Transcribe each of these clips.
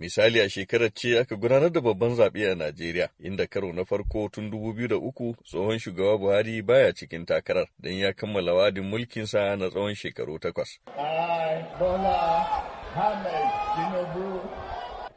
Misali a shekarar ce aka gudanar da babban zaɓe a Najeriya, inda karo na farko tun 2003 tsohon shugaba Buhari baya cikin takarar don ya kammala wadin mulkinsa na tsawon shekaru takwas.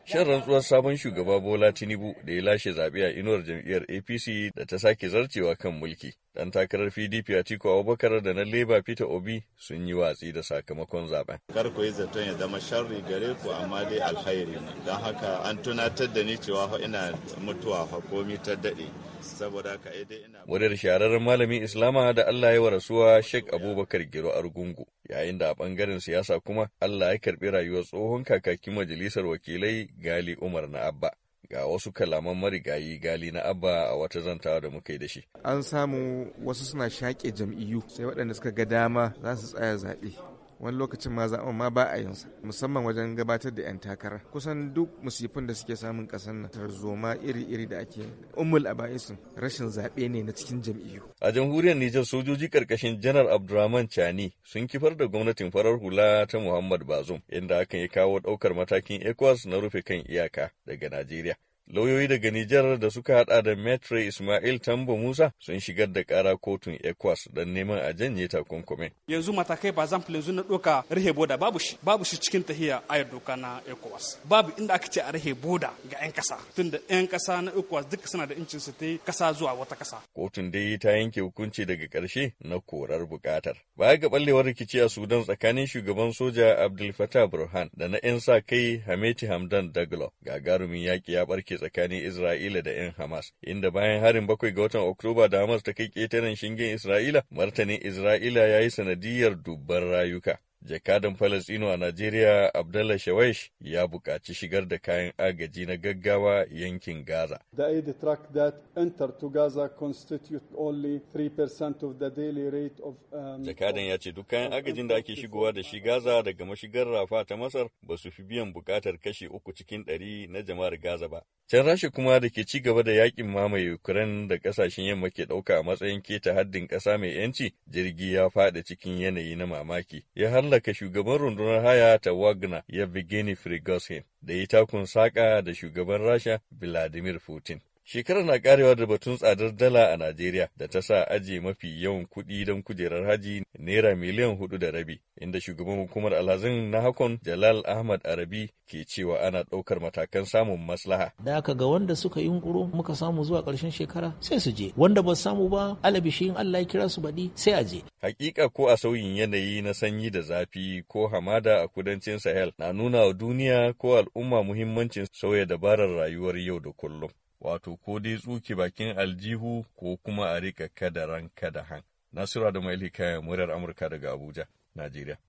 Shan rantsuwar sabon shugaba Bola Tinubu da ya lashe zaɓe a inuwar jam'iyyar APC da ta sake zarcewa kan mulki. Dan takarar PDP a tiko Abubakar da na leba Peter Obi sun yi watsi da sakamakon zaben. Kar ku yi zaton ya zama sharri gare ku amma dai alkhairi ne. Don haka an tunatar da ni cewa ina mutuwa fa komi ta daɗe. Saboda haka eh dai ina. Wadar shahararren malamin Islama da Allah ya wa rasuwa Sheikh Abubakar Giro Argungu. Yayin da a bangaren siyasa kuma Allah ya karɓi rayuwar tsohon kakakin majalisar wakilai Gali Umar na Abba. ga wasu kalaman marigayi gali na abba a wata zantawa da muka yi da shi an samu wasu suna shaƙe jam'iyyu sai waɗanda suka ga dama za su tsaya zaɓe wani lokacin ma zaɓen ma ba a yin sa musamman wajen gabatar da 'yan takara kusan duk musifin da suke samun ƙasar nan tarzoma iri-iri da ake umul a aba'isin rashin zaɓe ne na cikin jam'iyyu a jamhuriyar Nijar sojoji ƙarƙashin janar Abdurrahman Chani sun kifar da gwamnatin farar hula ta Muhammad Bazum, inda hakan ya kawo ɗaukar matakin ECOWAS na rufe kan iyaka daga Najeriya Lauyoyi daga Nijar da suka hada da Metre Ismail Tambo Musa sun shigar da kara kotun ECOWAS don neman a janye takunkumin. Yanzu matakai ba zan yanzu na doka rihe boda babu shi babu shi cikin tahiya ayar doka na ECOWAS. Babu inda aka ce a rihe boda ga 'yan kasa tunda 'yan kasa na ECOWAS duka suna da incin su ta yi kasa zuwa wata kasa. Kotun dai ta yanke hukunci daga karshe na korar bukatar Baya ga ɓallewar rikici a Sudan tsakanin shugaban soja Abdul Fattah Burhan da na 'yan sa kai Hameti Hamdan Daglo gagarumin yaƙi ya ɓarke tsakanin Isra'ila da 'yan Hamas, inda bayan harin bakwai ga watan Oktoba da Hamas ta kai ƙetaren shingen Isra'ila, martanin Isra'ila ya yi sanadiyar dubban rayuka. Jakadan Falasɗinu a Najeriya Abdallah Shawaish ya buƙaci shigar da kayan agaji na gaggawa yankin Gaza. The aid truck that entered to Gaza constitute only 3% of the daily rate of um, Jakadan ya ce duk kayan agajin da ake shigowa da shi Gaza daga mashigar Rafa ta Masar ba su fi biyan buƙatar kashi uku cikin ɗari na jama'ar Gaza ba, Can Rasha kuma da ke ci gaba da yakin mamaye Ukraine da kasashen yamma ke ɗauka a matsayin keta haddin ƙasa mai yanci, jirgi ya faɗi cikin yanayi na mamaki. Ya hallaka shugaban rundunar haya ta Wagner ya Yevgeny Frigoshin, da ya takun saƙa da shugaban Rasha Vladimir Putin. Shekara na karewa da batun tsadar dala a Najeriya da ta sa ajiye mafi yawan kuɗi don kujerar haji naira miliyan hudu da rabi, inda shugaban hukumar alhazin na hakon Jalal Ahmad Arabi ke cewa ana ɗaukar matakan samun maslaha. Da aka ga wanda suka yi muka samu zuwa ƙarshen shekara sai su je, wanda ba samu ba shi Allah ya kira su baɗi sai a je. Hakika ko a sauyin yanayi na sanyi da zafi ko hamada a kudancin Sahel na nuna wa duniya ko al'umma muhimmancin sauya dabarar rayuwar yau da kullum. wato ko dai tsuke bakin aljihu ko kuma a riƙa kada ranka da han. Nasura da Maili kayan Amurka daga Abuja, Najeriya.